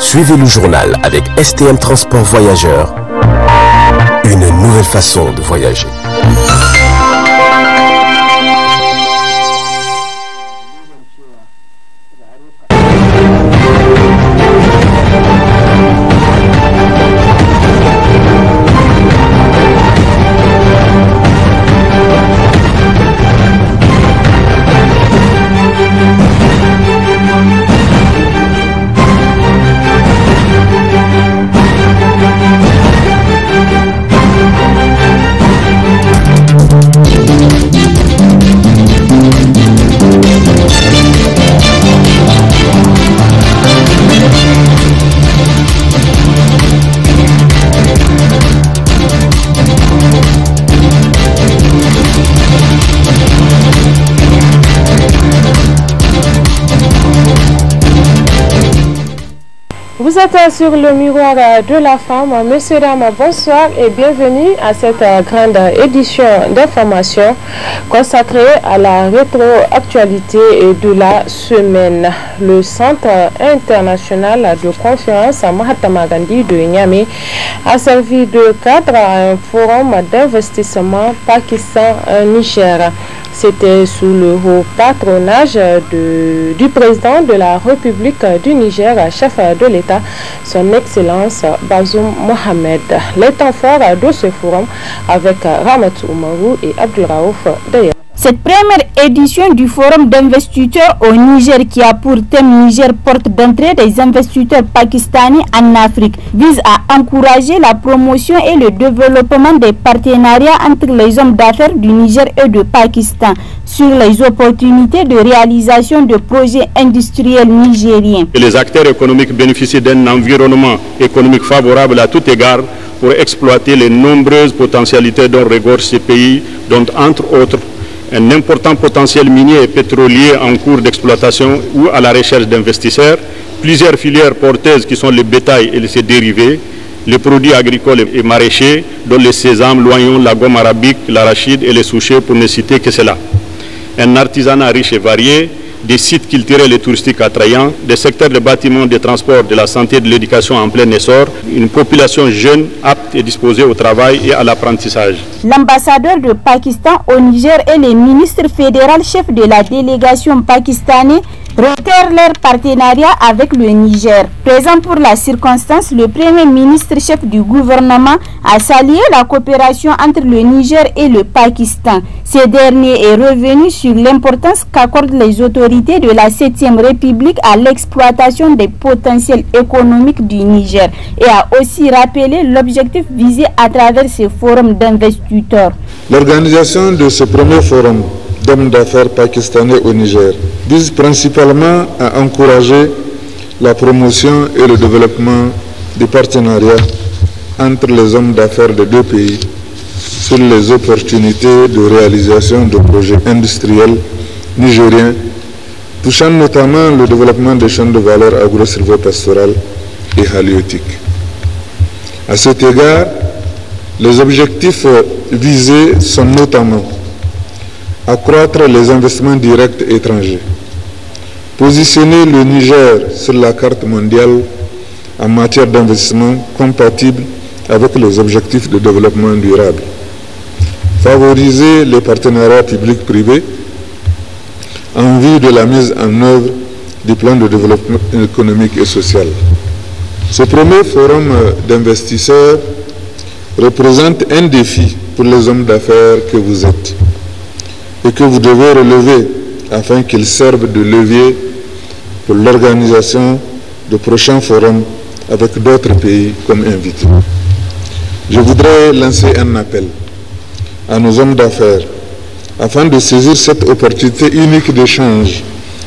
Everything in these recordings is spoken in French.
Suivez le journal avec STM Transport Voyageurs. Une nouvelle façon de voyager. Euh, sur le miroir euh, de la femme. Monsieur, dames, bonsoir et bienvenue à cette euh, grande édition d'information consacrée à la rétroactualité de la semaine. Le Centre international de conférence à Mahatma Gandhi de Niamey a servi de cadre à un forum d'investissement Pakistan-Niger. C'était sous le haut patronage du président de la République du Niger, chef de l'État, son Excellence Bazoum Mohamed. Les temps forts de ce forum avec Ramatou Oumarou et Raouf d'ailleurs. Cette première édition du forum d'investisseurs au Niger qui a pour thème Niger porte d'entrée des investisseurs pakistanais en Afrique vise à encourager la promotion et le développement des partenariats entre les hommes d'affaires du Niger et du Pakistan sur les opportunités de réalisation de projets industriels nigériens. Les acteurs économiques bénéficient d'un environnement économique favorable à tout égard pour exploiter les nombreuses potentialités dont regorge ces pays, dont entre autres un important potentiel minier et pétrolier en cours d'exploitation ou à la recherche d'investisseurs, plusieurs filières porteuses qui sont le bétail et ses dérivés, les produits agricoles et maraîchers, dont les sésame, l'oignon, la gomme arabique, l'arachide et les souchets, pour ne citer que cela. Un artisanat riche et varié, des sites culturels et touristiques attrayants, des secteurs de bâtiments, des transports, de la santé et de l'éducation en plein essor, une population jeune, apte et disposée au travail et à l'apprentissage. L'ambassadeur de Pakistan au Niger et le ministre fédéral chef de la délégation pakistanaise Retirent leur partenariat avec le Niger. Présent pour la circonstance, le Premier ministre chef du gouvernement a salué la coopération entre le Niger et le Pakistan. Ce dernier est revenu sur l'importance qu'accordent les autorités de la 7e République à l'exploitation des potentiels économiques du Niger et a aussi rappelé l'objectif visé à travers ce forum d'investisseurs. L'organisation de ce premier forum d'hommes d'affaires pakistanais au Niger, vise principalement à encourager la promotion et le développement des partenariats entre les hommes d'affaires des deux pays sur les opportunités de réalisation de projets industriels nigériens touchant notamment le développement des chaînes de valeur agro pastorales et halieutique. À cet égard, les objectifs visés sont notamment accroître les investissements directs étrangers, positionner le Niger sur la carte mondiale en matière d'investissement compatible avec les objectifs de développement durable, favoriser les partenariats publics-privés en vue de la mise en œuvre du plan de développement économique et social. Ce premier forum d'investisseurs représente un défi pour les hommes d'affaires que vous êtes et que vous devez relever afin qu'ils servent de levier pour l'organisation de prochains forums avec d'autres pays comme invités. Je voudrais lancer un appel à nos hommes d'affaires afin de saisir cette opportunité unique d'échange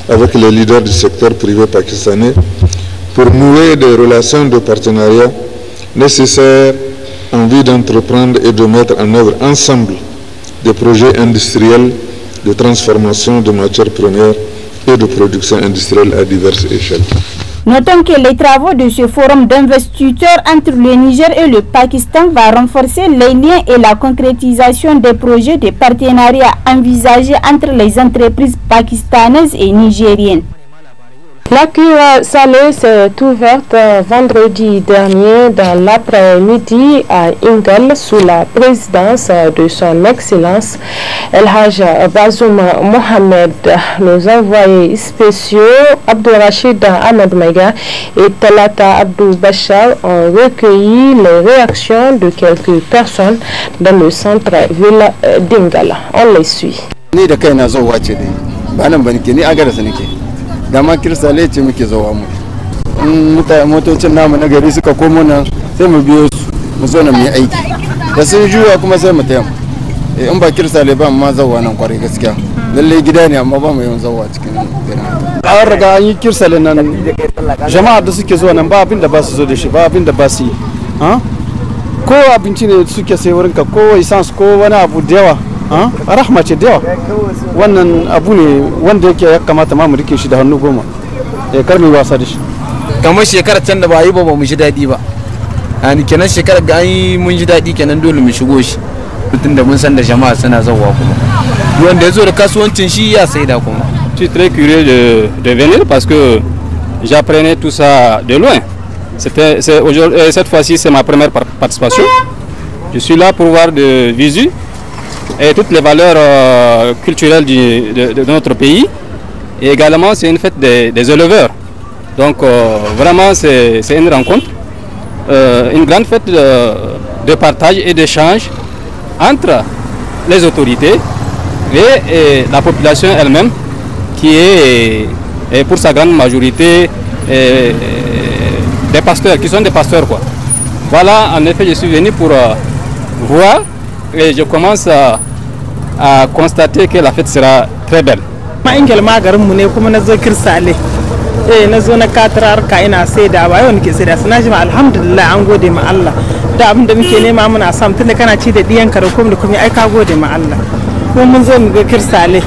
avec les leaders du secteur privé pakistanais pour nouer des relations de partenariat nécessaires en vue d'entreprendre et de mettre en œuvre ensemble des projets industriels de transformation de matières premières et de production industrielle à diverses échelles. Notons que les travaux de ce forum d'investisseurs entre le Niger et le Pakistan va renforcer les liens et la concrétisation des projets de partenariat envisagés entre les entreprises pakistanaises et nigériennes. La cure salée s'est ouverte vendredi dernier dans l'après-midi à Ingal sous la présidence de son Excellence El Hajj Bazoum Mohamed. Nos envoyés spéciaux Abdourachid Ahmed Mega et Talata Abdou Bachar ont recueilli les réactions de quelques personnes dans le centre-ville d'Ingal. On les suit. da ma kirsa ce muke zawa mu mutane motocin namu na gari suka komo nan sai mu biyo su mu zo na mu yi aiki da sun juya kuma sai mu taya eh, in ba kirsa lai ba ma zawa nan kwarai gaskiya lalle gida ne amma ba mu yawan zawa cikin gari an riga an yi kirsa nan jama'a da suke zuwa nan ba abin da ba su zo da shi ba abin da ba su yi ko abinci ne suke sai wurinka ko isansu ko wani abu da yawa Hein? rahma ce da yawa wannan abu ne wanda yake ya kamata ma mu rike shi da hannu goma ya karmi wasa da shi kamar shekarar can da ba yi ba ba mu ji daɗi ba yani kenan shekarar ga an yi mun ji daɗi kenan dole mu shigo shi tun da mun san da jama'a suna zauwa kuma wanda ya zo da kasuwancin shi ya saida kuma je suis très curieux de, de venir parce que j'apprenais tout ça de loin. C'était, aujourd'hui euh, cette fois-ci, c'est ma première participation. Je suis là pour voir de visu et toutes les valeurs euh, culturelles de, notre pays. Et également, c'est une fête des, éleveurs. Donc, euh, vraiment, c'est une rencontre, euh, une grande fête de, partage et d'échange entre les autorités et, la population elle-même, qui est, pour sa grande majorité, des pasteurs, qui sont des pasteurs. Quoi. Voilà, en effet, je suis venu pour voir et je commence à, à constater que la fête sera très belle. ma ingel ma garin mu ne kuma na zo kirsale eh na zo na katarar ka ina sai da ba yau nake sai da suna jima alhamdulillah an gode ma Allah da abin da muke nema muna sam tunda kana ci da diyan ka kuma da kuma ai ka gode ma Allah Ko mun zo mu ga kirsale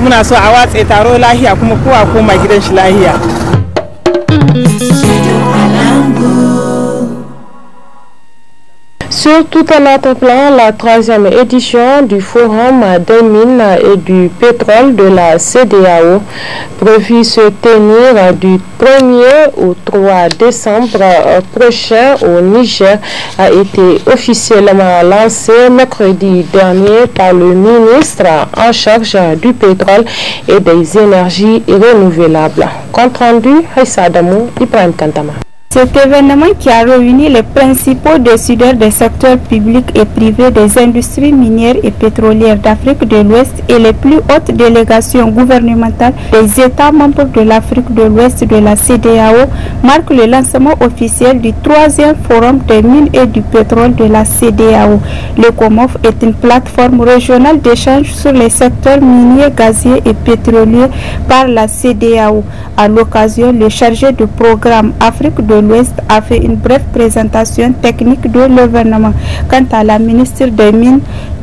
muna so a watse taro lahiya kuma kowa koma gidan shi lahiya. sur tout un autre plan, la troisième édition du Forum des mines et du pétrole de la CDAO, prévue se tenir du 1er au 3 décembre prochain au Niger, a été officiellement lancée mercredi dernier par le ministre en charge du pétrole et des énergies renouvelables. Compte rendu, Ibrahim Kantama. Cet événement qui a réuni les principaux décideurs des secteurs publics et privés des industries minières et pétrolières d'Afrique de l'Ouest et les plus hautes délégations gouvernementales des États membres de l'Afrique de l'Ouest de la CDAO marque le lancement officiel du troisième forum des mines et du pétrole de la CDAO. Le COMOF est une plateforme régionale d'échange sur les secteurs miniers, gaziers et pétroliers par la CDAO. À l'occasion, le chargé du programme Afrique de l'Ouest a fait une brève présentation technique de gouvernement Quant à la ministre des Mines,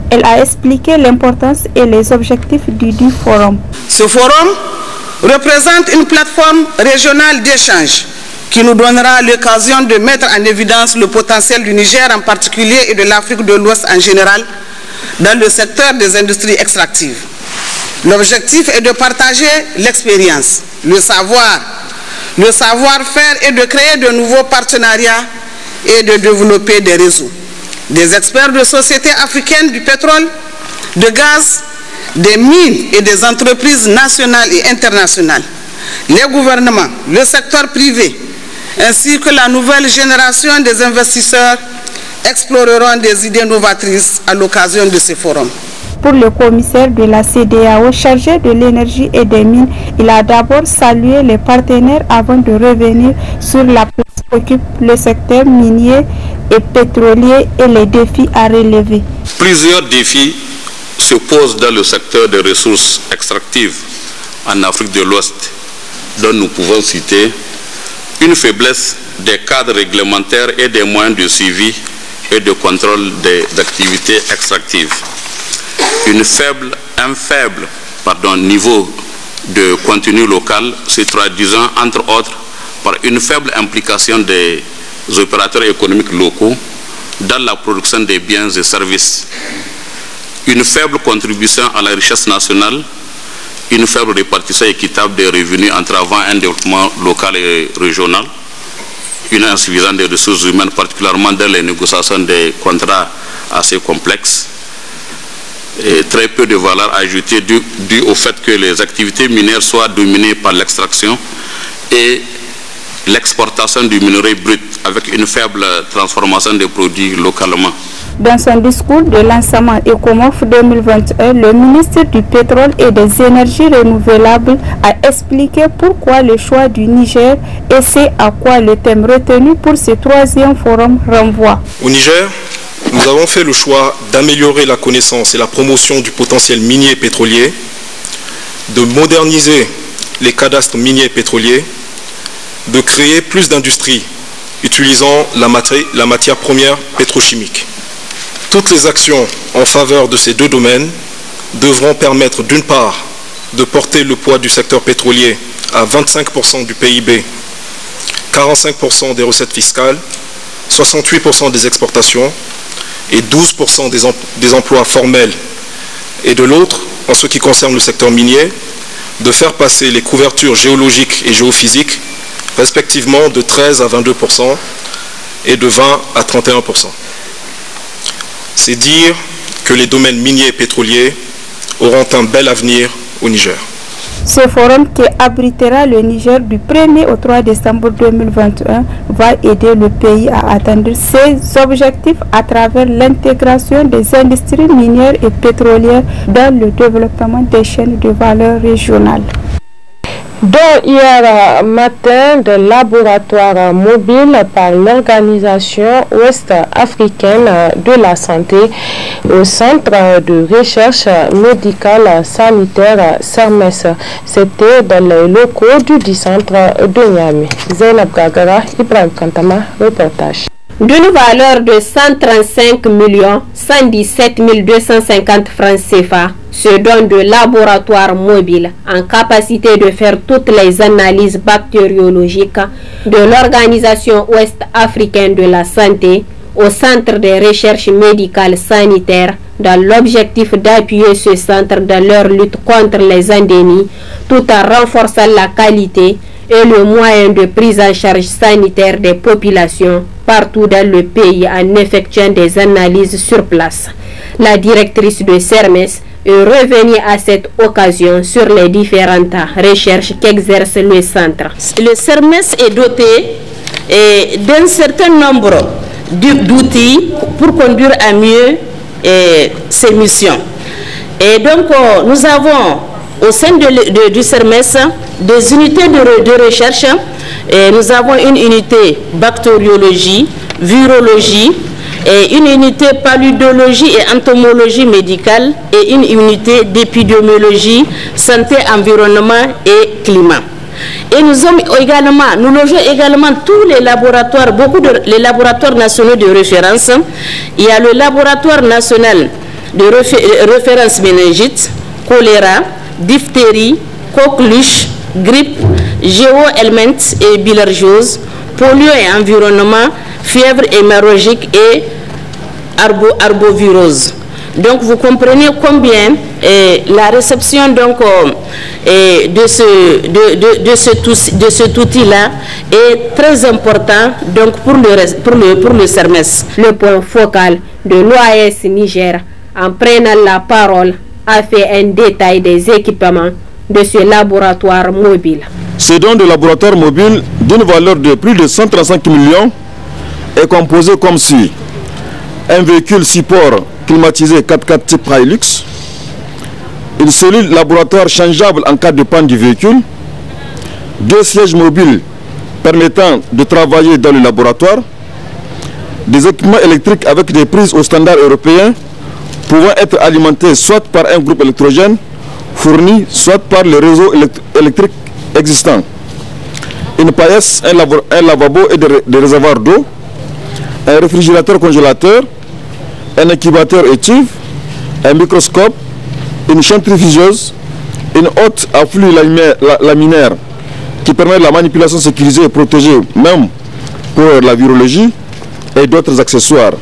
elle a expliqué l'importance et les objectifs du, du forum. Ce forum représente une plateforme régionale d'échange qui nous donnera l'occasion de mettre en évidence le potentiel du Niger en particulier et de l'Afrique de l'Ouest en général dans le secteur des industries extractives. L'objectif est de partager l'expérience, le savoir le savoir-faire et de créer de nouveaux partenariats et de développer des réseaux. Des experts de sociétés africaines du pétrole, de gaz, des mines et des entreprises nationales et internationales, les gouvernements, le secteur privé, ainsi que la nouvelle génération des investisseurs exploreront des idées novatrices à l'occasion de ces forums pour le commissaire de la CDAO chargé de l'énergie et des mines. Il a d'abord salué les partenaires avant de revenir sur la place qu'occupe le secteur minier et pétrolier et les défis à relever. Plusieurs défis se posent dans le secteur des ressources extractives en Afrique de l'Ouest, dont nous pouvons citer une faiblesse des cadres réglementaires et des moyens de suivi et de contrôle des activités extractives une faible, un faible pardon, niveau de contenu local se traduisant entre autres par une faible implication des opérateurs économiques locaux dans la production des biens et services, une faible contribution à la richesse nationale, une faible répartition équitable des revenus avant un développement local et régional, une insuffisance des ressources humaines, particulièrement dans les négociations des contrats assez complexes, et très peu de valeur ajoutée due, au fait que les activités minières soient dominées par l'extraction et l'exportation du minerai brut avec une faible transformation des produits localement. Dans son discours de lancement ECOMOF 2021, le ministre du Pétrole et des Énergies Renouvelables a expliqué pourquoi le choix du Niger et c'est à quoi le thème retenu pour ce troisième forum renvoie. Au Niger, nous avons fait le choix d'améliorer la connaissance et la promotion du potentiel minier pétrolier, de moderniser les cadastres miniers pétroliers, de créer plus d'industries utilisant la, la matière première pétrochimique. Toutes les actions en faveur de ces deux domaines devront permettre d'une part de porter le poids du secteur pétrolier à 25% du PIB, 45% des recettes fiscales, 68% des exportations et 12% des, emplois formels, et de l'autre, en ce qui concerne le secteur minier, de faire passer les couvertures géologiques et géophysiques respectivement de 13 à 22% et de 20 à 31%. C'est dire que les domaines miniers et pétroliers auront un bel avenir au Niger. Ce forum qui abritera le Niger du 1er au 3 décembre 2021 va aider le pays à atteindre ses objectifs à travers l'intégration des industries minières et pétrolières dans le développement des chaînes de valeur régionales. Dans hier euh, matin des laboratoires mobiles par l'Organisation ouest-africaine de la santé au Centre de recherche médicale sanitaire Sermes, C'était dans les locaux du 10 centre de Niamey. Zainab Gagara, Ibrahim Kantama, reportage d'une valeur de 135 117 250 francs CFA, se don de laboratoire mobile en capacité de faire toutes les analyses bactériologiques de l'Organisation Ouest africaine de la santé au Centre des Recherches Médicales Sanitaires dans l'objectif d'appuyer ce centre dans leur lutte contre les endémies tout en renforçant la qualité et le moyen de prise en charge sanitaire des populations partout dans le pays en effectuant des analyses sur place. La directrice de CERMES est revenue à cette occasion sur les différentes recherches qu'exerce le centre. Le CERMES est doté d'un certain nombre d'outils pour conduire à mieux ses missions. Et donc, euh, nous avons au sein du CERMES des unités de recherche nous avons une unité bactériologie, virologie, une unité paludologie et entomologie médicale et une unité d'épidémiologie, santé, environnement et climat. Et nous sommes également, nous logeons également tous les laboratoires, beaucoup de laboratoires nationaux de référence. Il y a le laboratoire national de euh, référence méningite, choléra, diphtérie, coqueluche, grippe, géo et bilharziose, polio et environnement, fièvre hémorragique et arbovirose. Donc vous comprenez combien euh, la réception donc, euh, euh, de, ce, de, ce, de cet outil-là est très important donc, pour, le, pour, le, pour le CERMES. Le point focal de l'OAS Niger, en prenant la parole, a fait un détail des équipements de ces laboratoires mobiles Ces don de laboratoire mobile d'une valeur de plus de 135 millions est composé comme suit. Un véhicule support climatisé 4x4 type Hilux, une cellule laboratoire changeable en cas de panne du véhicule, deux sièges mobiles permettant de travailler dans le laboratoire, des équipements électriques avec des prises au standard européen pouvant être alimentés soit par un groupe électrogène, Fourni soit par le réseau électrique existants, une paillasse, un, lavabo et des réservoirs d'eau, un réfrigérateur congélateur, un incubateur étive, un microscope, une chambre centrifugeuse, une haute à flux laminaire qui permet la manipulation sécurisée et protégée, même pour la virologie et d'autres accessoires.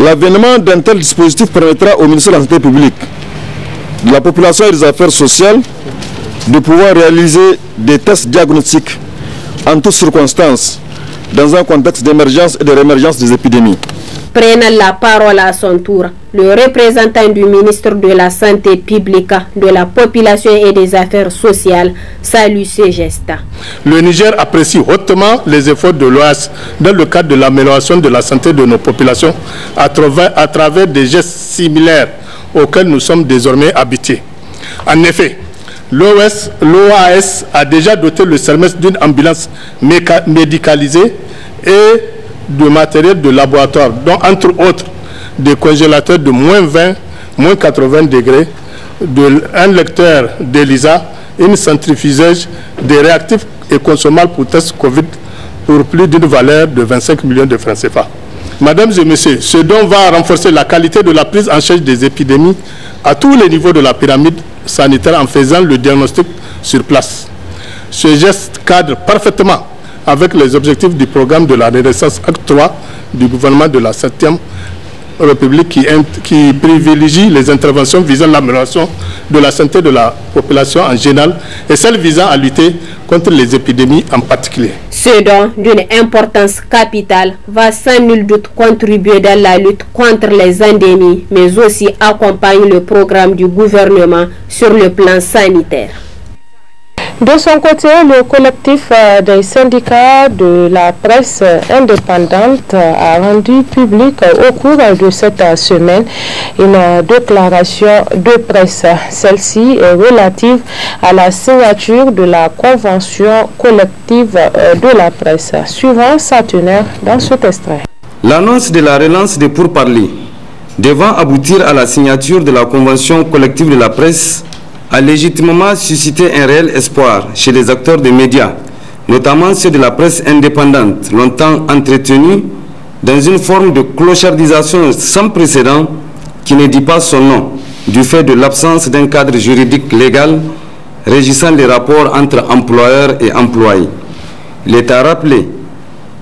L'avènement d'un tel dispositif permettra au ministère de la Santé publique de la population et des affaires sociales de pouvoir réaliser des tests diagnostiques en toutes circonstances dans un contexte d'émergence et de rémergence des épidémies prenant la parole à son tour. Le représentant du ministre de la Santé publique, de la Population et des Affaires sociales salue ces gestes. Le Niger apprécie hautement les efforts de l'OAS dans le cadre de l'amélioration de la santé de nos populations à travers, des gestes similaires auxquels nous sommes désormais habitués. En effet, l'OAS a déjà doté le service d'une ambulance médicalisée et de matériel de laboratoire, dont entre autres des congélateurs de moins 20, moins 80 degrés, de, un lecteur d'ELISA, une centrifugeuse, des réactifs et consommables pour test Covid pour plus d'une valeur de 25 millions de francs CFA. Mesdames et messieurs, ce don va renforcer la qualité de la prise en charge des épidémies à tous les niveaux de la pyramide sanitaire en faisant le diagnostic sur place. Ce geste cadre parfaitement avec les objectifs du programme de la Renaissance Acte 3 du gouvernement de la 7e République qui, privilégie les interventions visant l'amélioration de la santé de la population en général et celles visant à lutter contre les épidémies en particulier. Ce don d'une importance capitale va sans nul doute contribuer dans la lutte contre les endémies, mais aussi accompagner le programme du gouvernement sur le plan sanitaire. De son côté, le collectif euh, des syndicats de la presse indépendante a rendu public euh, au cours de cette euh, semaine une déclaration de presse. Celle-ci est relative à la signature de la convention collective de la presse, suivant sa teneur dans ce extrait. L'annonce de la relance des pourparlers devant aboutir à la signature de la convention collective de la presse a légitimement suscité un réel espoir chez les acteurs des médias, notamment ceux de la presse indépendante, longtemps entretenue dans une forme de clochardisation sans précédent qui ne dit pas son nom, du fait de l'absence d'un cadre juridique légal régissant les rapports entre employeurs et employés. L'État a rappelé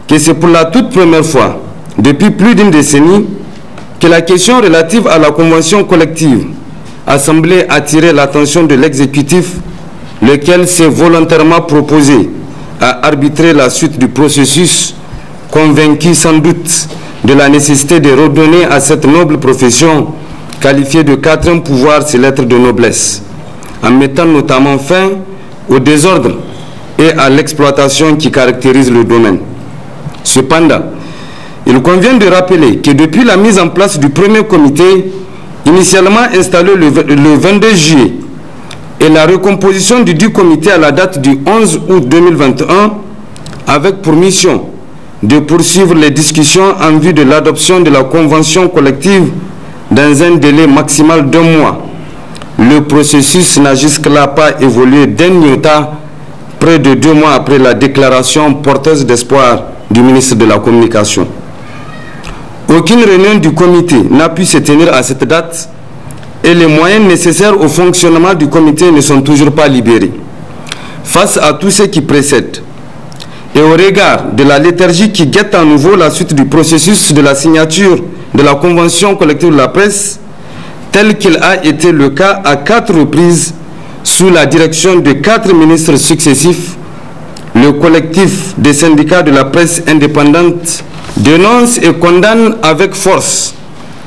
que c'est pour la toute première fois, depuis plus d'une décennie, que la question relative à la convention collective Assemblée semblé attirer l'attention de l'exécutif, lequel s'est volontairement proposé à arbitrer la suite du processus, convaincu sans doute de la nécessité de redonner à cette noble profession, qualifiée de quatrième pouvoir, ses lettres de noblesse, en mettant notamment fin au désordre et à l'exploitation qui caractérise le domaine. Cependant, il convient de rappeler que depuis la mise en place du premier comité, initialement installé le, 22 juillet, et la recomposition du dit comité à la date du 11 août 2021 avec pour mission de poursuivre les discussions en vue de l'adoption de la convention collective dans un délai maximal d'un mois. Le processus n'a jusque-là pas évolué d'un iota près de deux mois après la déclaration porteuse d'espoir du ministre de la Communication. Aucune réunion du comité n'a pu se tenir à cette date et les moyens nécessaires au fonctionnement du comité ne sont toujours pas libérés. Face à tout ce qui précède et au regard de la léthargie qui guette à nouveau la suite du processus de la signature de la convention collective de la presse, tel qu'il a été le cas à quatre reprises sous la direction de quatre ministres successifs, le collectif des syndicats de la presse indépendante dénonce et condamne avec force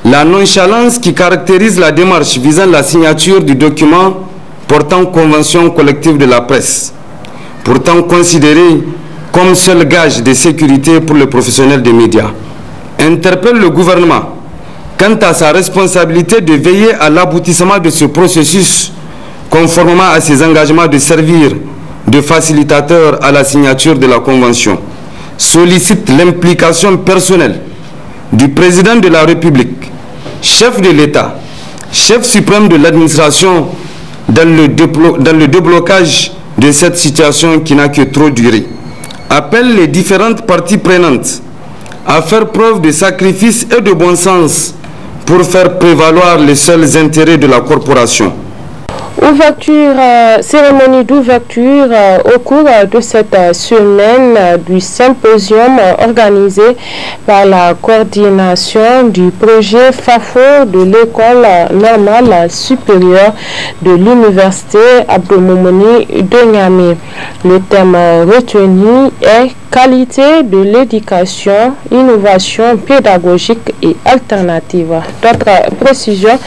la nonchalance qui caractérise la démarche visant la signature du document portant convention collective de la presse, pourtant considéré comme seul gage de sécurité pour les professionnels des médias, interpelle le gouvernement quant à sa responsabilité de veiller à l'aboutissement de ce processus conformément à ses engagements de servir de facilitateur à la signature de la convention sollicite l'implication personnelle du président de la République, chef de l'État, chef suprême de l'administration dans, le déblocage de cette situation qui n'a que trop duré. Appelle les différentes parties prenantes à faire preuve de sacrifice et de bon sens pour faire prévaloir les seuls intérêts de la corporation. Ouverture, euh, cérémonie d'ouverture euh, au cours euh, de cette semaine du symposium organisé par la coordination du projet FAFO de l'école normale supérieure de l'université Abdomoumouni de Niamey. Le thème retenu est qualité de l'éducation, innovation pédagogique et alternative. D'autres précisions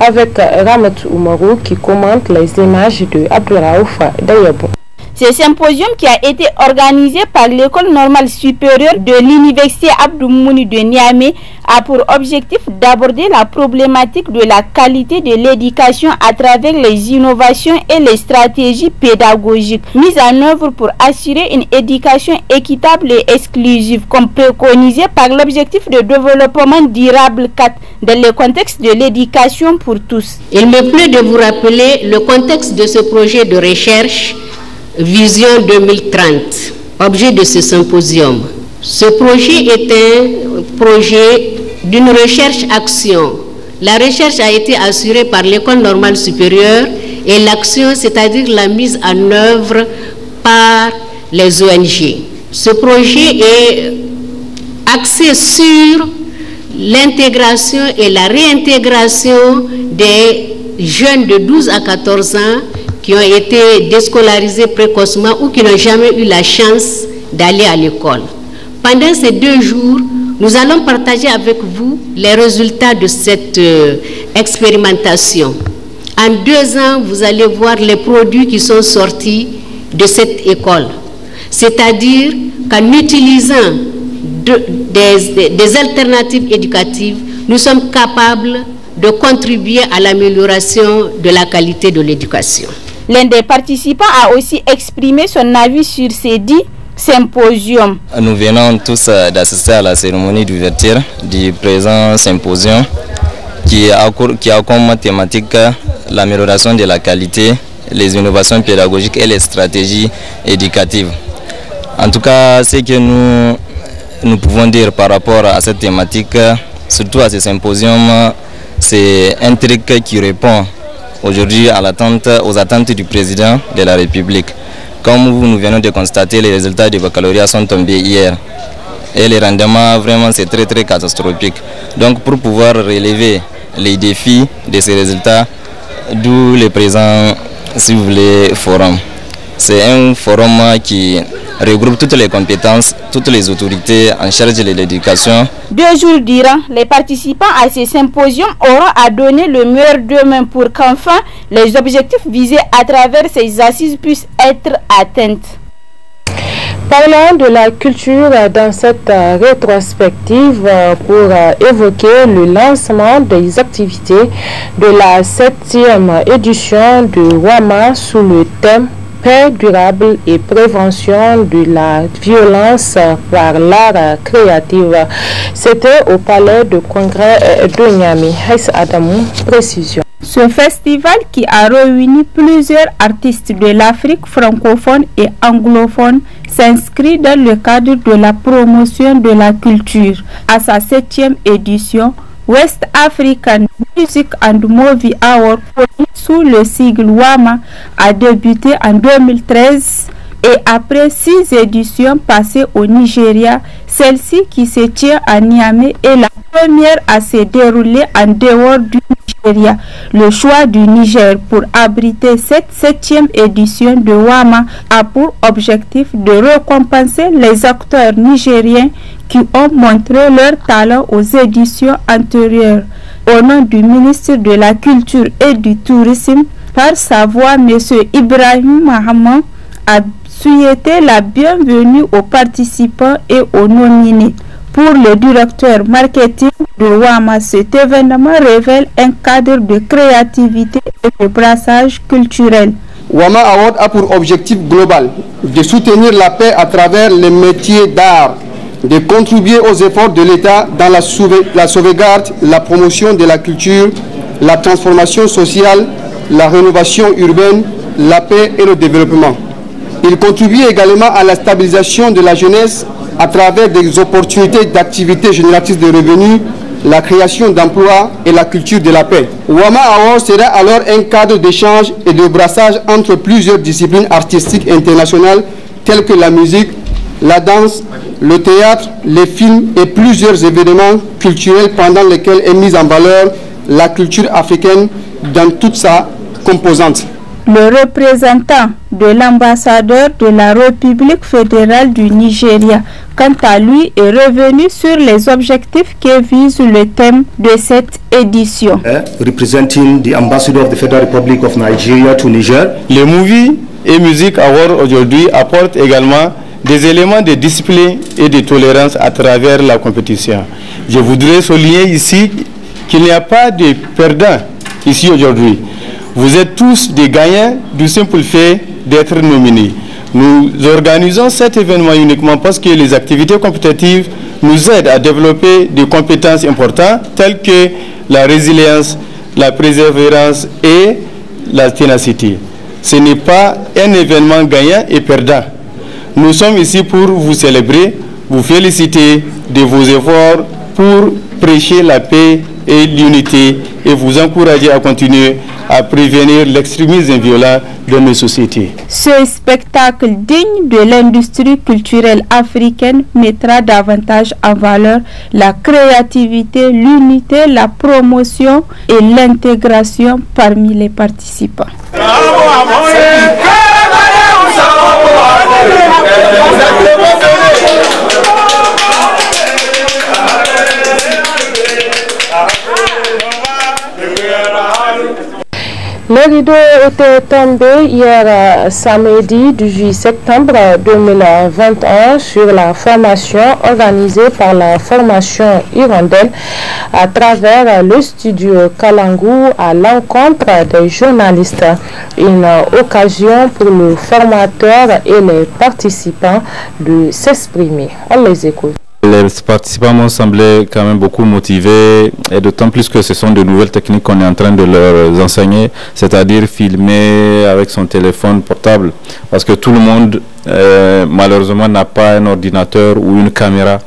avec Ramat qui commente les images de Abdouraouf Dayabou. Ce symposium qui a été organisé par l'École normale supérieure de l'Université Abdou Mouni de Niamey a pour objectif d'aborder la problématique de la qualité de l'éducation à travers les innovations et les stratégies pédagogiques mises en œuvre pour assurer une éducation équitable et exclusive, comme préconisé par l'objectif de développement durable 4 dans le contexte de l'éducation pour tous. Il me plaît de vous rappeler le contexte de ce projet de recherche Vision 2030, objet de ce symposium. Ce projet est un projet d'une recherche-action. La recherche a été assurée par l'École normale supérieure et l'action, c'est-à-dire la mise en œuvre par les ONG. Ce projet est axé sur l'intégration et la réintégration des jeunes de 12 à 14 ans qui ont été déscolarisés précocement ou qui n'ont jamais eu la chance d'aller à l'école. Pendant ces deux jours, nous allons partager avec vous les résultats de cette euh, expérimentation. En deux ans, vous allez voir les produits qui sont sortis de cette école. C'est-à-dire qu'en utilisant des alternatives éducatives, nous sommes capables de contribuer à l'amélioration de la qualité de l'éducation. L'un des participants a aussi exprimé son avis sur ces dix symposiums. Nous venons tous euh, d'assister à la cérémonie d'ouverture du présent symposium qui a, comme thématique euh, l'amélioration de la qualité, les innovations pédagogiques et les stratégies éducatives. En tout cas, ce que nous pouvons dire par rapport à cette thématique, euh, surtout à ce symposium, c'est un truc qui répond aujourd'hui aux attentes du président de la République. Comme nous venons de constater, les résultats du baccalauréat sont tombés hier. Et les rendements, vraiment, c'est très, très catastrophique. Donc, pour pouvoir relever les défis de ces résultats, d'où le présent, si vous voulez, forum. C'est un forum qui regroupe toutes les compétences, toutes les autorités en charge de l'éducation. Deux jours durant, les participants à ces symposiums auront à donner le meilleur d'eux-mêmes pour qu'enfin les objectifs visés à travers ces assises puissent être atteints. Parlons de la culture dans cette euh, rétrospective euh, pour euh, évoquer le lancement des activités de la septième édition de WAMA sous le thème paix durable et prévention de la violence par l'art créatif C'était au palais de congrès euh, de Niamey. Adamou, précision. Ce festival qui a réuni plusieurs artistes de l'Afrique francophone et anglophone s'inscrit dans le cadre de la promotion de la culture. À sa septième édition, West African Music and Movie Hour, sous le sigle WAMA a débuté en 2013 et après six éditions passées au Nigeria, celle-ci qui se tient à Niamey est la première à se dérouler en dehors du le choix du Niger pour abriter cette septième édition de WAMA a pour objectif de récompenser les acteurs nigériens qui ont montré leur talent aux éditions antérieures. Au nom du ministre de la Culture et du Tourisme, par sa voix, M. Ibrahim Mahaman a souhaité la bienvenue aux participants et aux nominés. Pour le directeur marketing de Wama, cet événement révèle un cadre de créativité et de brassage culturel. Wama Award a pour objectif global de soutenir la paix à travers les métiers d'art, de contribuer aux efforts de l'État dans la, la sauvegarde, la promotion de la culture, la transformation sociale, la rénovation urbaine, la paix et le développement. Il contribue également à la stabilisation de la jeunesse à travers des opportunités d'activité génératrices de revenus, la création d'emplois et la culture de la paix. Wama Award sera alors un cadre d'échange et de brassage entre plusieurs disciplines artistiques internationales telles que la musique, la danse, le théâtre, les films et plusieurs événements culturels pendant lesquels est mise en valeur la culture africaine dans toute sa composante le représentant de l'ambassadeur de la République fédérale du Nigeria, quant à lui, est revenu sur les objectifs qui visent le thème de cette édition. Eh, representing the of the Federal Republic of Nigeria to Niger. Les movies et musique Award aujourd'hui apportent également des éléments de discipline et de tolérance à travers la compétition. Je voudrais souligner ici qu'il n'y a pas de perdants ici aujourd'hui. Vous êtes tous des gagnants du simple fait d'être nominés. Nous organisons cet événement uniquement parce que les activités compétitives nous aident à développer des compétences importantes telles que la résilience, la persévérance et la ténacité. Ce n'est pas un événement gagnant et perdant. Nous sommes ici pour vous célébrer, vous féliciter de vos efforts pour prêcher la paix et l'unité et vous encourager à continuer à prévenir l'extrémisme violent de nos sociétés. Ce spectacle digne de l'industrie culturelle africaine mettra davantage en valeur la créativité, l'unité, la promotion et l'intégration parmi les participants. Le rideau était tombé hier euh, samedi 8 septembre 2021 sur la formation organisée par la formation Hirondelle à travers le studio Kalangu à l'encontre des journalistes. Une occasion pour le formateur et les participants de s'exprimer. On les écoute. Les participants m'ont semblé quand même beaucoup motivés, et d'autant plus que ce sont de nouvelles techniques qu'on est en train de leur enseigner, c'est-à-dire filmer avec son téléphone portable, parce que tout le monde, euh, malheureusement, n'a pas un ordinateur ou une caméra.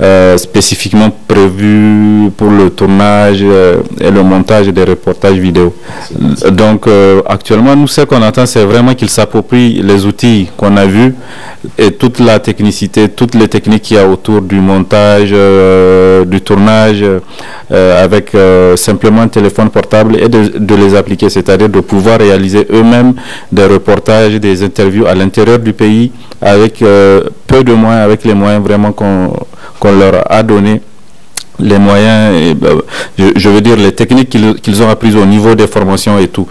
Euh, spécifiquement prévu pour le tournage euh, et le montage des reportages vidéo. Donc euh, actuellement, nous, ce qu'on attend, c'est vraiment qu'ils s'approprient les outils qu'on a vus et toute la technicité, toutes les techniques qu'il y a autour du montage, du tournage, avec simplement un téléphone portable et de, les appliquer, c'est-à-dire de pouvoir réaliser eux-mêmes des reportages, des interviews à l'intérieur du pays avec peu de moyens, avec les moyens vraiment qu'on qu'on leur a donné les moyens, et, bah, je, veux dire les techniques qu'ils ont apprises au niveau des formations et tout.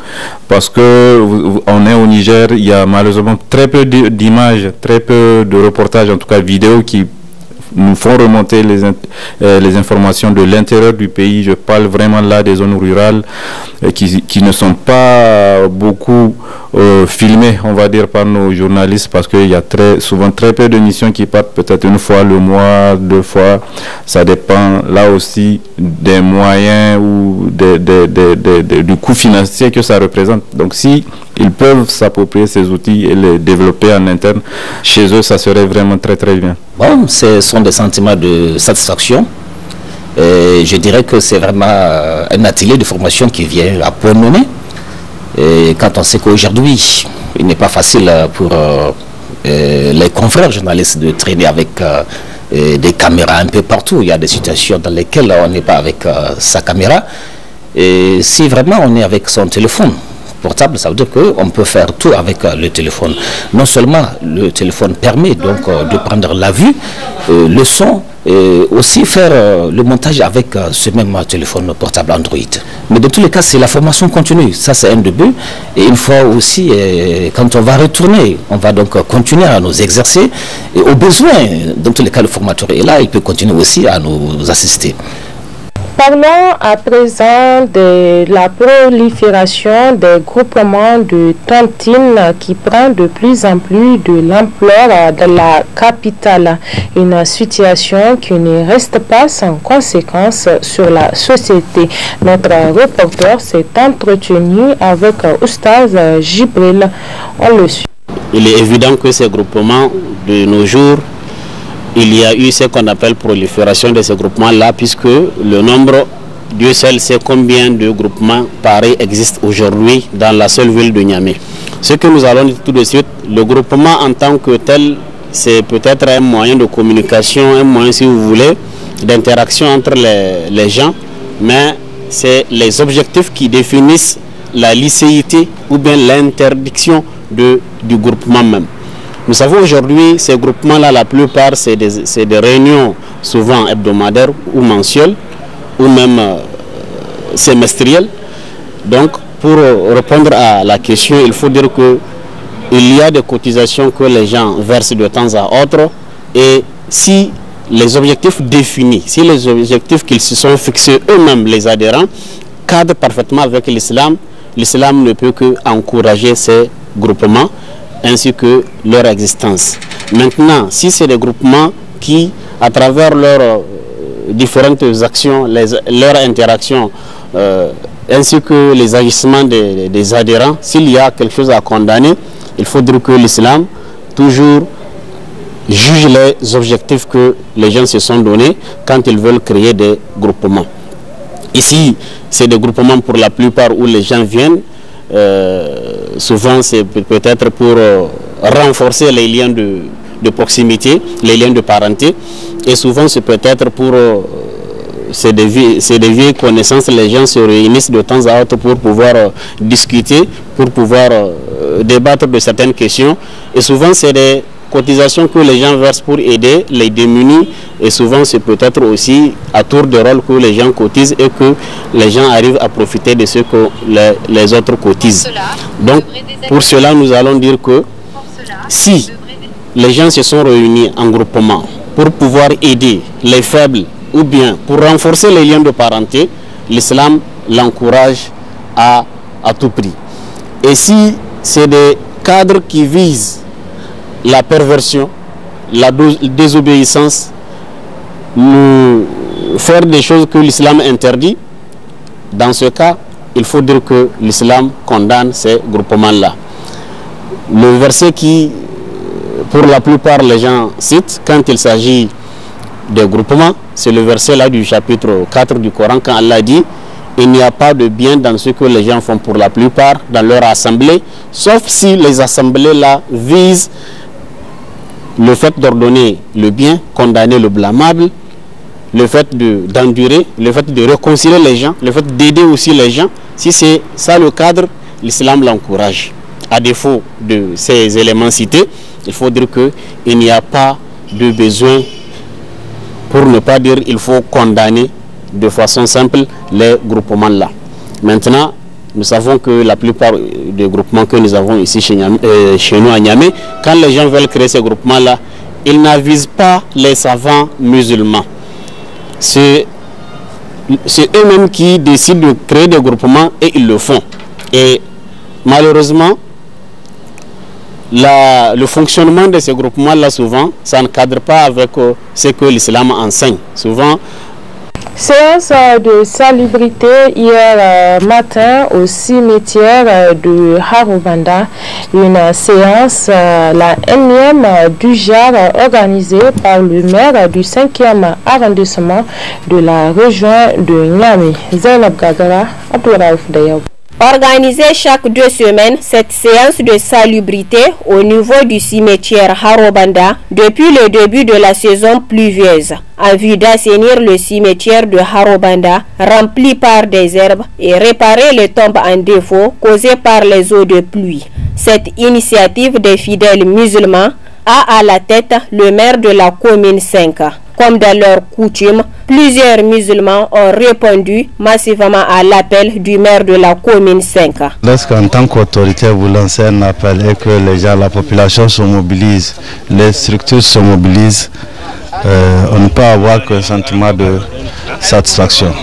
Parce que on est au Niger, il y a malheureusement très peu d'images, très peu de reportages, en tout cas vidéo qui nous font remonter euh, les, informations de l'intérieur du pays. Je parle vraiment là des zones rurales euh, qui, ne sont pas beaucoup euh, filmées, on va dire, par nos journalistes parce qu'il y a très, souvent très peu de missions qui partent, peut-être une fois le mois, deux fois. Ça dépend là aussi des moyens ou du coût financier que ça représente. Donc si ils peuvent s'approprier ces outils et les développer en interne chez eux, ça serait vraiment très très bien. Bon, ce sont des sentiments de satisfaction. je dirais que c'est vraiment euh, un atelier de formation qui vient à point nommé. quand on sait qu'aujourd'hui, il n'est pas facile euh, pour euh, les confrères journalistes de traîner avec des caméras un peu partout. Il y a des situations dans lesquelles on n'est pas avec sa caméra. Et si vraiment on est avec son téléphone, portable, ça veut dire qu'on peut faire tout avec euh, le téléphone. Non seulement le téléphone permet donc euh, de prendre la vue, euh, le son, et aussi faire le montage avec ce même téléphone portable Android. Mais dans tous les cas, c'est la formation continue. Ça, c'est un début. Et une fois aussi, quand on va retourner, on va donc continuer à nous exercer. Et au besoin, dans tous les cas, le formateur est là, il peut continuer aussi à nous assister. Parlons à présent de la prolifération des groupements de tontines qui prend de plus en plus de l'ampleur de la capitale, une situation qui ne reste pas sans conséquence sur la société. Notre reporter s'est entretenu avec Oustaz Gibril. On le suit. Il est évident que ces groupements de nos jours il y a eu ce qu'on appelle prolifération de ce groupements-là, puisque le nombre, Dieu seul sait combien de groupements pareils existent aujourd'hui dans la seule ville de Niamey. Ce que nous allons dire tout de suite, le groupement en tant que tel, c'est peut-être un moyen de communication, un moyen, si vous voulez, d'interaction entre les, les gens, mais c'est les objectifs qui définissent la licéité ou bien l'interdiction du groupement même. Nous savons aujourd'hui, ces groupements-là, la plupart, c'est des, réunions souvent hebdomadaires ou mensuelles, ou même euh, semestrielles. Donc, pour euh, répondre à la question, il faut dire que il y a des cotisations que les gens versent de temps à autre et si les objectifs définis, si les objectifs qu'ils se sont fixés eux-mêmes, les adhérents, cadrent parfaitement avec l'islam, l'islam ne peut qu'encourager ces groupements ainsi que leur existence. Maintenant, si c'est des groupements qui, à travers leurs euh, différentes actions, leurs interactions, euh, ainsi que les agissements des, adhérents, s'il y a quelque chose à condamner, il faudrait que l'islam, toujours, juge les objectifs que les gens se sont donnés quand ils veulent créer des groupements. Ici, c'est des groupements pour la plupart où les gens viennent euh, souvent c'est peut-être pour euh, renforcer les liens de, proximité, les liens de parenté. Et souvent c'est peut-être pour... Euh, ces des, vieilles connaissances, les gens se réunissent de temps à autre pour pouvoir euh, discuter, pour pouvoir débattre de certaines questions. Et souvent c'est des cotisation que les gens versent pour aider les démunis et souvent c'est peut-être aussi à tour de rôle que les gens cotisent et que les gens arrivent à profiter de ce que les, autres cotisent. Donc pour cela nous allons dire que si les gens se sont réunis en groupement pour pouvoir aider les faibles ou bien pour renforcer les liens de parenté, l'islam l'encourage à, à tout prix. Et si c'est des cadres qui visent la perversion, la désobéissance, nous faire des choses que l'islam interdit, dans ce cas, il faut dire que l'islam condamne ces groupements-là. Le verset qui, pour la plupart, les gens citent quand il s'agit de groupements, c'est le verset là du chapitre 4 du Coran quand Allah dit il n'y a pas de bien dans ce que les gens font pour la plupart dans leur assemblée, sauf si les assemblées là visent le fait d'ordonner le bien, condamner le blâmable, le fait d'endurer, le fait de réconcilier les gens, le fait d'aider aussi les gens, si c'est ça le cadre, l'islam l'encourage. À défaut de ces éléments cités, il faut dire qu'il n'y a pas de besoin, pour ne pas dire il faut condamner de façon simple les groupements là. Maintenant, nous savons que la plupart des groupements que nous avons ici euh, chez, nous à Niamey, quand les gens veulent créer ces groupements-là, ils n'avisent pas les savants musulmans. C'est eux-mêmes qui décident de créer des groupements et ils le font. Et malheureusement, le fonctionnement de ces groupements-là, souvent, ça ne cadre pas avec euh, ce que l'islam enseigne. Souvent, Séance euh, de salubrité hier euh, matin au cimetière euh, de Harubanda. Une séance, la énième du genre organisée par le maire du 5e arrondissement de la région de Niamey, Zainab Gagara, Organiser chaque deux semaines, cette séance de salubrité au niveau du cimetière Harobanda depuis le début de la saison pluvieuse en vue d'assainir le cimetière de Harobanda rempli par des herbes et réparer les tombes en défaut causées par les eaux de pluie. Cette initiative des fidèles musulmans a à la tête le maire de la commune 5 comme dans leur coutume, plusieurs musulmans ont répondu massivement à l'appel du maire de la commune 5. Lorsqu'en tant qu'autorité, vous lancez un appel et que les gens, la population se mobilise, les structures se mobilisent, euh, on ne peut avoir qu'un sentiment de satisfaction.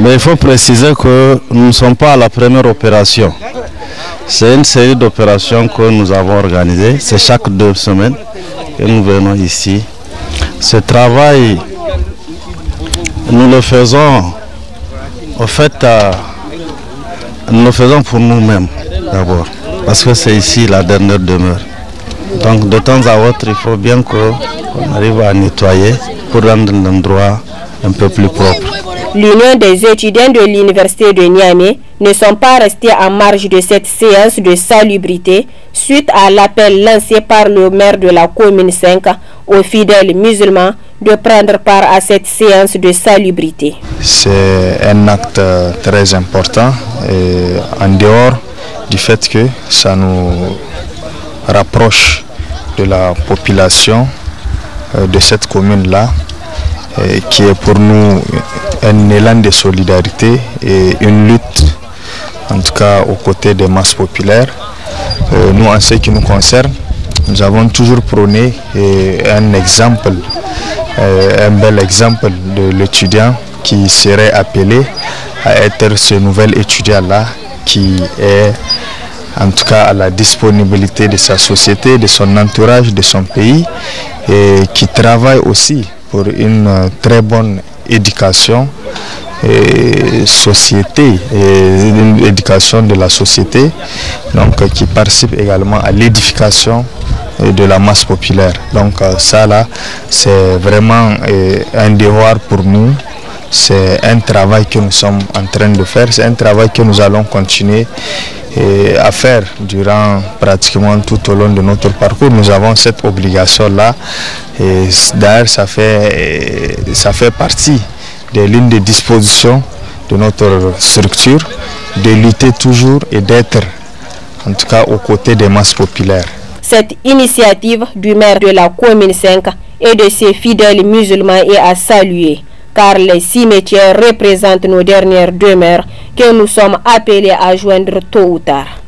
mais il faut préciser que nous ne sommes pas à la première opération. C'est une série d'opérations que nous avons organisées. C'est chaque deux semaines que nous venons ici ce travail, nous le faisons, Au fait, euh, nous le faisons pour nous-mêmes d'abord, parce que c'est ici la dernière demeure. Donc de temps à autre, il faut bien qu'on arrive à nettoyer pour rendre l'endroit un peu plus propre. L'union des étudiants de l'université de Niamey ne sont pas restés en marge de cette séance de salubrité suite à l'appel lancé par le maire de la commune 5 aux fidèles musulmans de prendre part à cette séance de salubrité. C'est un acte euh, très important en dehors du fait que ça nous rapproche de la population euh, de cette commune-là qui est pour nous un élan de solidarité et une lutte en tout cas aux côtés des masses populaires. Euh, nous, en ce qui nous concerne, nous avons toujours prôné euh, un exemple, euh, un bel exemple de l'étudiant qui serait appelé à être ce nouvel étudiant-là qui est en tout cas à la disponibilité de sa société, de son entourage, de son pays et qui travaille aussi pour une très bonne éducation société l'éducation de la société donc euh, qui participe également à l'édification euh, de la masse populaire donc euh, ça là c'est vraiment un devoir pour nous c'est un travail que nous sommes en train de faire c'est un travail que nous allons continuer à faire durant pratiquement tout au long de notre parcours. Nous avons cette obligation-là et d'ailleurs ça fait, ça fait partie des lignes de disposition de notre structure, de lutter toujours et d'être en tout cas aux côtés des masses populaires. Cette initiative du maire de la commune 5 et de ses fidèles musulmans est à saluer, car les cimetières représentent nos dernières demeures que nous sommes appelés à joindre tôt ou tard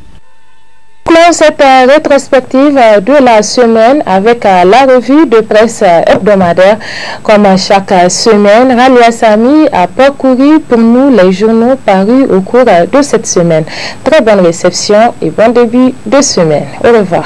clôt cette rétrospective euh, de la semaine avec euh, la revue de presse euh, hebdomadaire. Comme chaque semaine, Ralia Sami a parcouru pour nous les journaux parus au cours de cette semaine. Très bonne réception et bon début de semaine. Au revoir.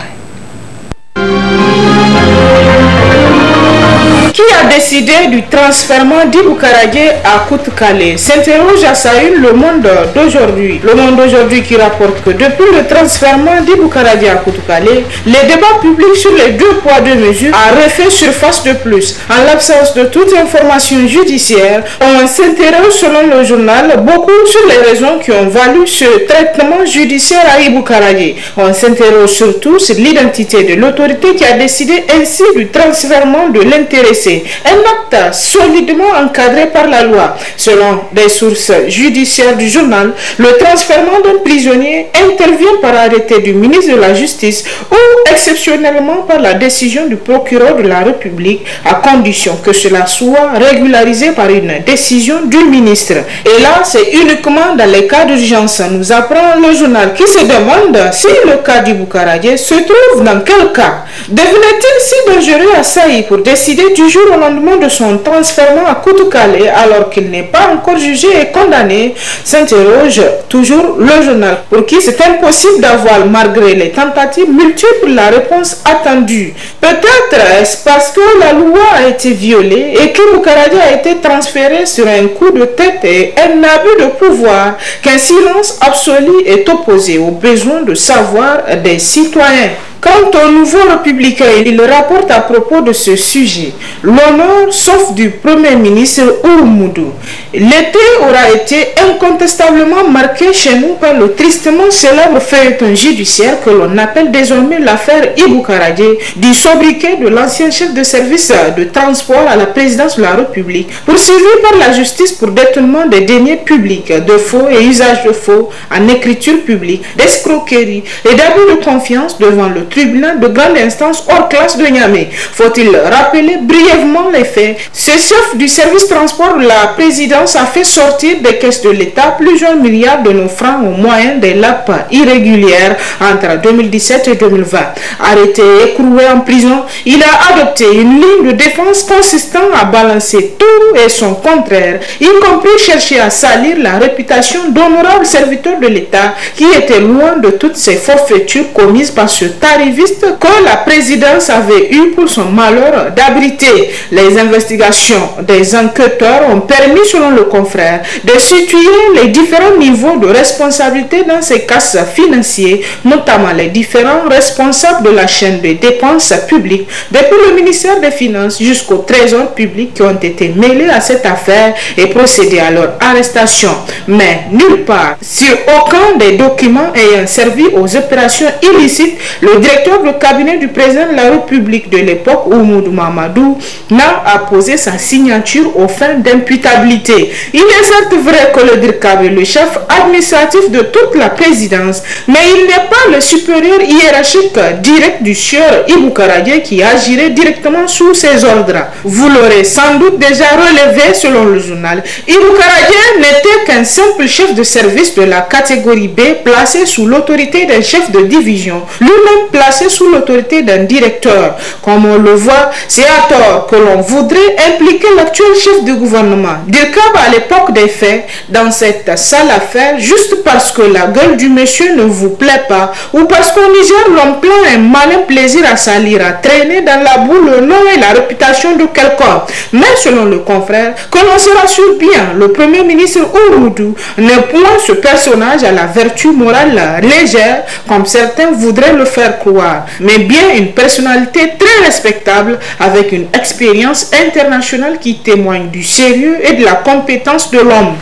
Qui a décidé du transfert d'Ibou Karagé à Côte-Calais. s'interroge à sa le monde d'aujourd'hui. Le monde d'aujourd'hui qui rapporte que depuis le transfert d'Ibou Karagé à Côte-Calais, les débats publics sur les deux poids de mesure ont refait surface de plus. En l'absence de toute information judiciaire, on s'interroge selon le journal beaucoup sur les raisons qui ont valu ce traitement judiciaire à Ibu On s'interroge surtout sur l'identité de l'autorité qui a décidé ainsi du transfert de l'intéressé un acte solidement encadré par la loi. Selon des sources judiciaires du journal, le transfert d'un prisonnier intervient par arrêté du ministre de la Justice ou exceptionnellement par la décision du procureur de la République à condition que cela soit régularisé par une décision du ministre. Et là, c'est uniquement dans les cas d'urgence, nous apprend le journal qui se demande si le cas du Boukaradier se trouve dans quel cas. Devenait-il si dangereux à Saï pour décider du au lendemain de son transfert à Côte-Calais alors qu'il n'est pas encore jugé et condamné, s'interroge toujours le journal, pour qui c'est impossible d'avoir, malgré les tentatives multiples, la réponse attendue. Peut-être est-ce parce que la loi a été violée et que Moukaradi a été transféré sur un coup de tête et un abus de pouvoir qu'un silence absolu est opposé aux besoins de savoir des citoyens. Quant au nouveau républicain, il rapporte à propos de ce sujet. L'honneur sauf du Premier ministre Oumoudou. L'été aura été incontestablement marqué chez nous par le tristement célèbre feuilleton judiciaire que l'on appelle désormais l'affaire Ibou du sobriquet de l'ancien chef de service de transport à la présidence de la République, poursuivi par la justice pour détournement des deniers publics, de faux et usage de faux en écriture publique, d'escroquerie et d'abus de confiance devant le tribunal de grande instance hors classe de Niamey. Faut-il rappeler brièvement brièvement les faits. Ce chef du service transport, de la présidence a fait sortir des caisses de l'État plusieurs milliards de nos francs au moyen des lapins irrégulières entre 2017 et 2020. Arrêté, écroué en prison, il a adopté une ligne de défense consistant à balancer tout et son contraire, y compris chercher à salir la réputation d'honorable serviteur de l'État qui était loin de toutes ces forfaitures commises par ce tariviste que la présidence avait eu pour son malheur d'abriter les investigations des enquêteurs ont permis, selon le confrère, de situer les différents niveaux de responsabilité dans ces cas financiers, notamment les différents responsables de la chaîne de dépenses publiques, depuis le ministère des Finances jusqu'au Trésor public qui ont été mêlés à cette affaire et procédé à leur arrestation. Mais nulle part, sur aucun des documents ayant servi aux opérations illicites, le directeur du cabinet du président de la République de l'époque, Oumoud Mamadou, n'a posé sa signature aux fins d'imputabilité. Il est certes vrai que le DIRCAB est le chef administratif de toute la présidence, mais il n'est pas le supérieur hiérarchique direct du sieur Iboukaradie qui agirait directement sous ses ordres. Vous l'aurez sans doute déjà relevé selon le journal. Iboukaradie n'était qu'un simple chef de service de la catégorie B placé sous l'autorité d'un chef de division, lui-même placé sous l'autorité d'un directeur. Comme on le voit, c'est à tort que l'on voudrait impliquer l'actuel chef du gouvernement, Dirkab à l'époque des faits, dans cette sale affaire, juste parce que la gueule du monsieur ne vous plaît pas, ou parce qu'au Niger, l'on un malin plaisir à salir, à traîner dans la boue le nom et la réputation de quelqu'un. Mais selon le confrère, que l'on se rassure bien, le premier ministre Ouroudou n'est point ce personnage à la vertu morale légère, comme certains voudraient le faire croire, mais bien une personnalité très respectable avec une expérience internationale qui témoigne du sérieux et de la compétence de l'homme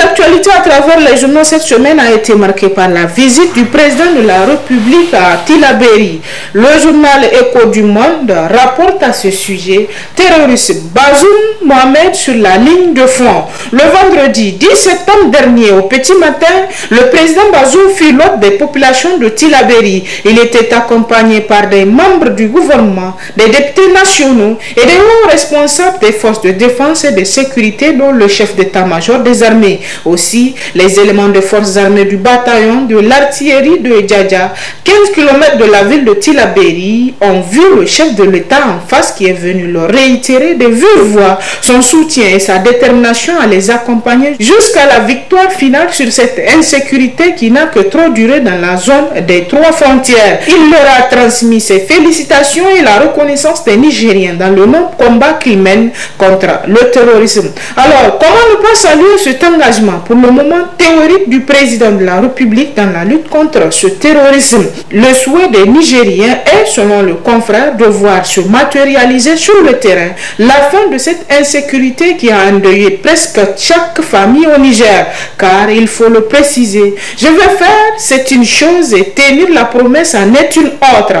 l'actualité à travers les journaux cette semaine a été marquée par la visite du président de la République à Tilaberi. Le journal Écho du Monde rapporte à ce sujet terroriste Bazoum Mohamed sur la ligne de front. Le vendredi 10 septembre dernier, au petit matin, le président Bazoum fut l'hôte des populations de Tilaberi. Il était accompagné par des membres du gouvernement, des députés nationaux et des hauts responsables des forces de défense et de sécurité dont le chef d'état-major des armées aussi, les éléments des forces armées du bataillon de l'artillerie de Djadja, 15 km de la ville de Tilaberi, ont vu le chef de l'État en face qui est venu leur réitérer de vive voix son soutien et sa détermination à les accompagner jusqu'à la victoire finale sur cette insécurité qui n'a que trop duré dans la zone des trois frontières. Il leur a transmis ses félicitations et la reconnaissance des Nigériens dans le long combat qu'ils mènent contre le terrorisme. Alors, comment ne pas saluer ce temps pour le moment théorique du président de la République dans la lutte contre ce terrorisme. Le souhait des Nigériens est, selon le confrère, de voir se matérialiser sur le terrain la fin de cette insécurité qui a endeuillé presque chaque famille au Niger. Car il faut le préciser, je vais faire, c'est une chose et tenir la promesse en est une autre.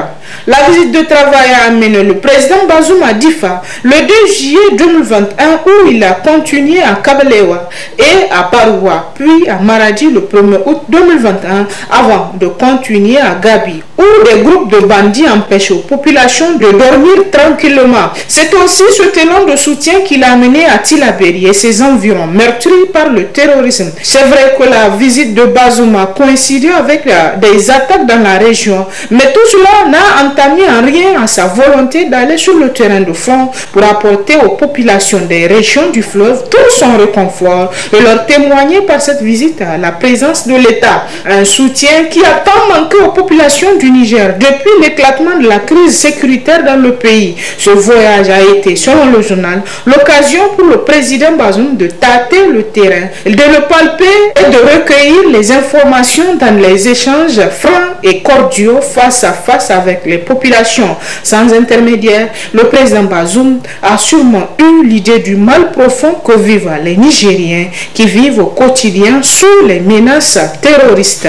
La visite de travail a amené le président à Difa le 2 juillet 2021 où il a continué à Kabalewa et à Paroua, puis à Maradi le 1er août 2021 avant de continuer à Gabi où des groupes de bandits empêchent aux populations de dormir tranquillement. C'est aussi ce tenant de soutien qu'il a amené à Tilaberi et ses environs meurtris par le terrorisme. C'est vrai que la visite de Bazouma coïncidait avec des attaques dans la région, mais tout cela n'a entamé en rien à sa volonté d'aller sur le terrain de fond pour apporter aux populations des régions du fleuve tout son réconfort et leur témoigner par cette visite à la présence de l'État, un soutien qui a tant manqué aux populations du Niger. Depuis l'éclatement de la crise sécuritaire dans le pays, ce voyage a été, selon le journal, l'occasion pour le président Bazoum de tâter le terrain, de le palper et de recueillir les informations dans les échanges francs et cordiaux face à face avec les populations. Sans intermédiaire, le président Bazoum a sûrement eu l'idée du mal profond que vivent les Nigériens qui vivent au quotidien sous les menaces terroristes.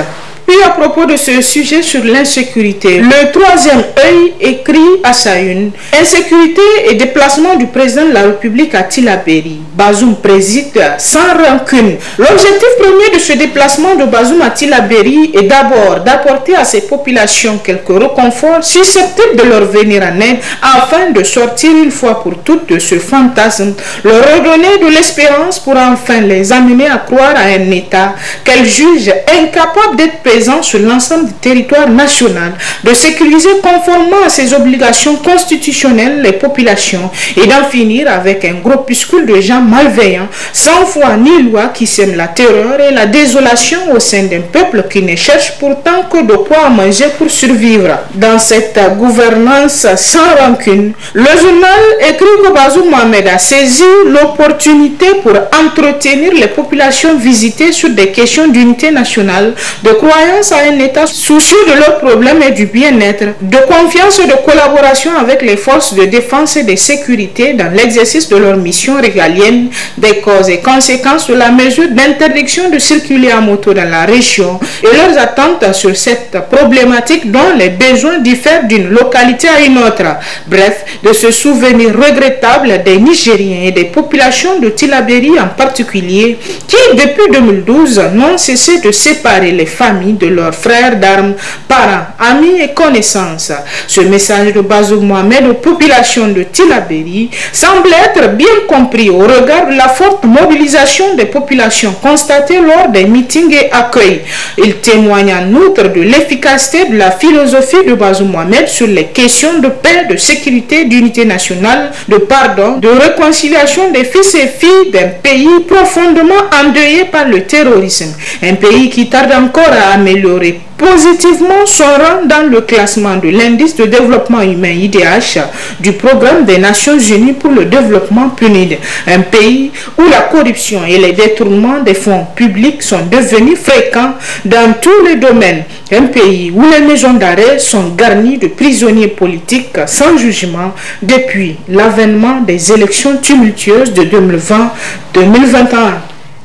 Puis à propos de ce sujet sur l'insécurité, le troisième œil écrit à sa une Insécurité et déplacement du président de la République à Tilaberi. Bazoum préside sans rancune. L'objectif premier de ce déplacement de Bazoum à Tilaberi est d'abord d'apporter à ces populations quelques reconforts susceptibles de leur venir en aide afin de sortir une fois pour toutes de ce fantasme, leur redonner de l'espérance pour enfin les amener à croire à un État qu'elles jugent incapable d'être sur l'ensemble du territoire national, de sécuriser conformément à ses obligations constitutionnelles les populations et d'en finir avec un groupuscule de gens malveillants, sans foi ni loi qui sème la terreur et la désolation au sein d'un peuple qui ne cherche pourtant que de quoi manger pour survivre. Dans cette gouvernance sans rancune, le journal écrit que Bazou Mohamed a saisi l'opportunité pour entretenir les populations visitées sur des questions d'unité nationale, de croire à un État soucieux de leurs problèmes et du bien-être, de confiance et de collaboration avec les forces de défense et de sécurité dans l'exercice de leur mission régalienne, des causes et conséquences de la mesure d'interdiction de circuler à moto dans la région et leurs attentes sur cette problématique dont les besoins diffèrent d'une localité à une autre. Bref, de ce souvenir regrettable des Nigériens et des populations de Tilaberi en particulier, qui depuis 2012 n'ont cessé de séparer les familles de leurs frères d'armes, parents, amis et connaissances. Ce message de Bazou Mohamed aux populations de Tilaberi semble être bien compris au regard de la forte mobilisation des populations constatée lors des meetings et accueils. Il témoigne en outre de l'efficacité de la philosophie de Bazou Mohamed sur les questions de paix, de sécurité, d'unité nationale, de pardon, de réconciliation des fils et filles d'un pays profondément endeuillé par le terrorisme. Un pays qui tarde encore à améliorer positivement son rang dans le classement de l'indice de développement humain IDH du programme des Nations Unies pour le développement PNUD, un pays où la corruption et les détournements des fonds publics sont devenus fréquents dans tous les domaines, un pays où les maisons d'arrêt sont garnies de prisonniers politiques sans jugement depuis l'avènement des élections tumultueuses de 2020-2021.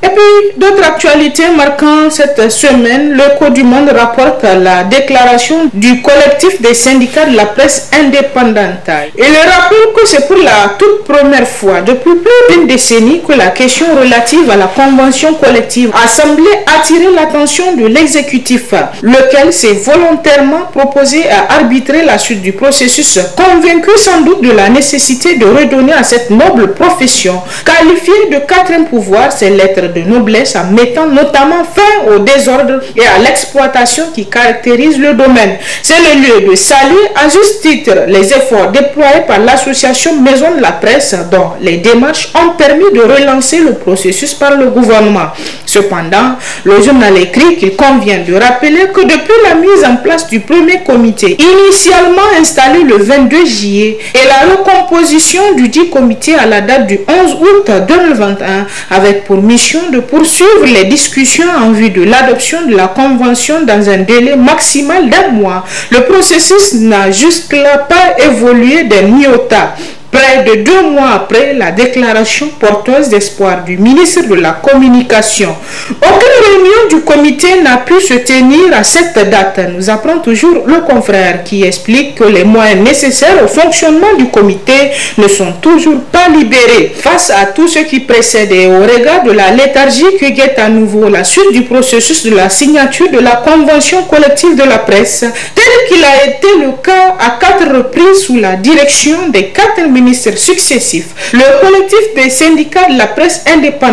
Et puis, d'autres actualités marquant cette semaine, le Code du Monde rapporte la déclaration du collectif des syndicats de la presse indépendante. Et le que c'est pour la toute première fois depuis plus d'une décennie que la question relative à la convention collective a semblé attirer l'attention de l'exécutif, lequel s'est volontairement proposé à arbitrer la suite du processus, convaincu sans doute de la nécessité de redonner à cette noble profession, qualifiée de quatrième pouvoir, ses lettres de noblesse en mettant notamment fin au désordre et à l'exploitation qui caractérise le domaine. C'est le lieu de saluer à juste titre les efforts déployés par l'association Maison de la Presse dont les démarches ont permis de relancer le processus par le gouvernement. Cependant, le journal écrit qu'il convient de rappeler que depuis la mise en place du premier comité, initialement installé le 22 juillet, et la recomposition du dit comité à la date du 11 août 2021, avec pour mission de poursuivre les discussions en vue de l'adoption de la Convention dans un délai maximal d'un mois. Le processus n'a jusque-là pas évolué d'un iota. Près de deux mois après la déclaration porteuse d'espoir du ministre de la Communication, aucune réunion du comité n'a pu se tenir à cette date, nous apprend toujours le confrère qui explique que les moyens nécessaires au fonctionnement du comité ne sont toujours pas libérés. Face à tout ce qui précède et au regard de la léthargie qui guette à nouveau la suite du processus de la signature de la Convention collective de la presse, tel qu'il a été le cas à quatre reprises sous la direction des quatre ministres ministres successifs, le collectif des syndicats de la presse indépendante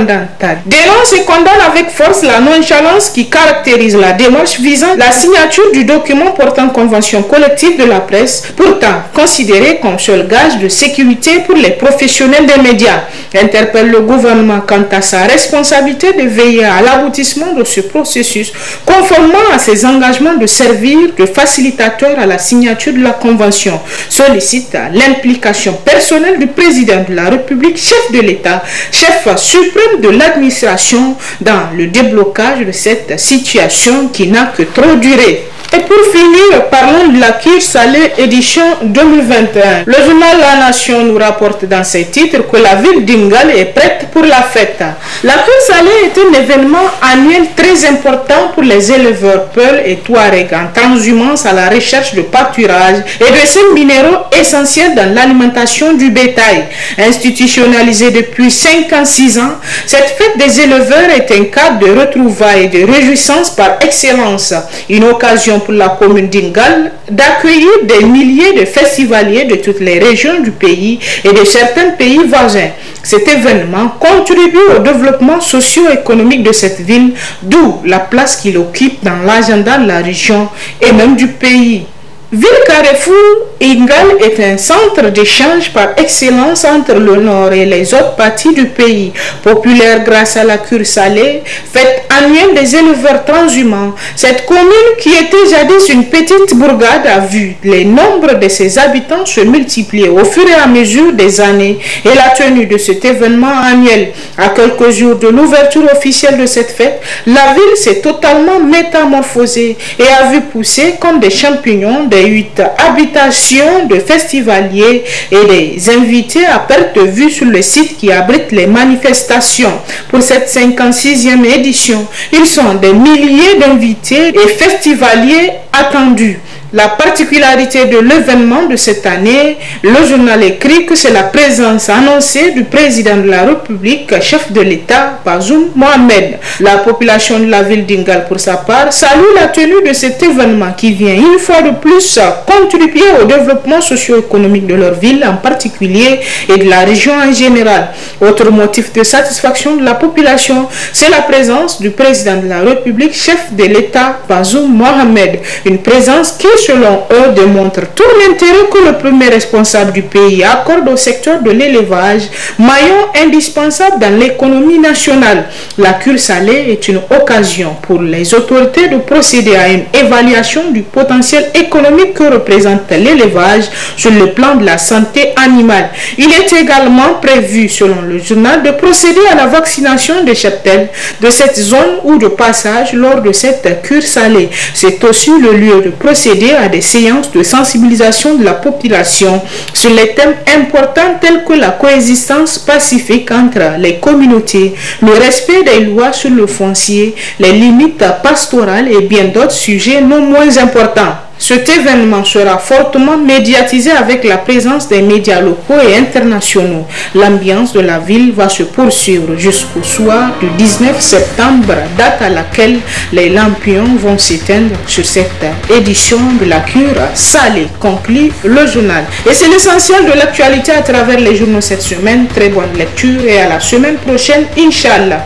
dénonce et condamne avec force la nonchalance qui caractérise la démarche visant la signature du document portant convention collective de la presse, pourtant considéré comme seul gage de sécurité pour les professionnels des médias. Interpelle le gouvernement quant à sa responsabilité de veiller à l'aboutissement de ce processus, conformément à ses engagements de servir de facilitateur à la signature de la convention. Sollicite l'implication personnelle personnel du président de la République, chef de l'État, chef suprême de l'administration dans le déblocage de cette situation qui n'a que trop duré. Et pour finir, parlons de la Kirch Salée édition 2021. Le journal La Nation nous rapporte dans ses titres que la ville d'Ingale est prête pour la fête. La Kirch Salée est un événement annuel très important pour les éleveurs Peul et Touareg en transhumance à la recherche de pâturage et de ces minéraux essentiels dans l'alimentation du bétail. Institutionnalisée depuis 56 ans, cette fête des éleveurs est un cadre de retrouvailles et de réjouissance par excellence. Une occasion pour la commune d'Ingal d'accueillir des milliers de festivaliers de toutes les régions du pays et de certains pays voisins. Cet événement contribue au développement socio-économique de cette ville, d'où la place qu'il occupe dans l'agenda de la région et même du pays. Ville Carrefour Ingal est un centre d'échange par excellence entre le nord et les autres parties du pays, populaire grâce à la cure salée, fête annuelle des éleveurs transhumants. Cette commune, qui était jadis une petite bourgade, a vu les nombres de ses habitants se multiplier au fur et à mesure des années et la tenue de cet événement annuel. À quelques jours de l'ouverture officielle de cette fête, la ville s'est totalement métamorphosée et a vu pousser comme des champignons des huit habitations de festivaliers et des invités à perte de vue sur le site qui abrite les manifestations. Pour cette 56e édition, ils sont des milliers d'invités et festivaliers attendus. La particularité de l'événement de cette année, le journal écrit que c'est la présence annoncée du président de la République, chef de l'État, Bazoum Mohamed. La population de la ville d'Ingal, pour sa part, salue la tenue de cet événement qui vient une fois de plus contribuer au développement socio-économique de leur ville en particulier et de la région en général. Autre motif de satisfaction de la population, c'est la présence du président de la République, chef de l'État, Bazoum Mohamed. Une présence qui selon eux, démontre tout l'intérêt que le premier responsable du pays accorde au secteur de l'élevage, maillon indispensable dans l'économie nationale. La cure salée est une occasion pour les autorités de procéder à une évaluation du potentiel économique que représente l'élevage sur le plan de la santé animale. Il est également prévu, selon le journal, de procéder à la vaccination des cheptels de cette zone ou de passage lors de cette cure salée. C'est aussi le lieu de procéder à des séances de sensibilisation de la population sur les thèmes importants tels que la coexistence pacifique entre les communautés, le respect des lois sur le foncier, les limites pastorales et bien d'autres sujets non moins importants. Cet événement sera fortement médiatisé avec la présence des médias locaux et internationaux. L'ambiance de la ville va se poursuivre jusqu'au soir du 19 septembre, date à laquelle les lampions vont s'éteindre sur cette édition de la cure salée, conclut le journal. Et c'est l'essentiel de l'actualité à travers les journaux cette semaine. Très bonne lecture et à la semaine prochaine, Inch'Allah.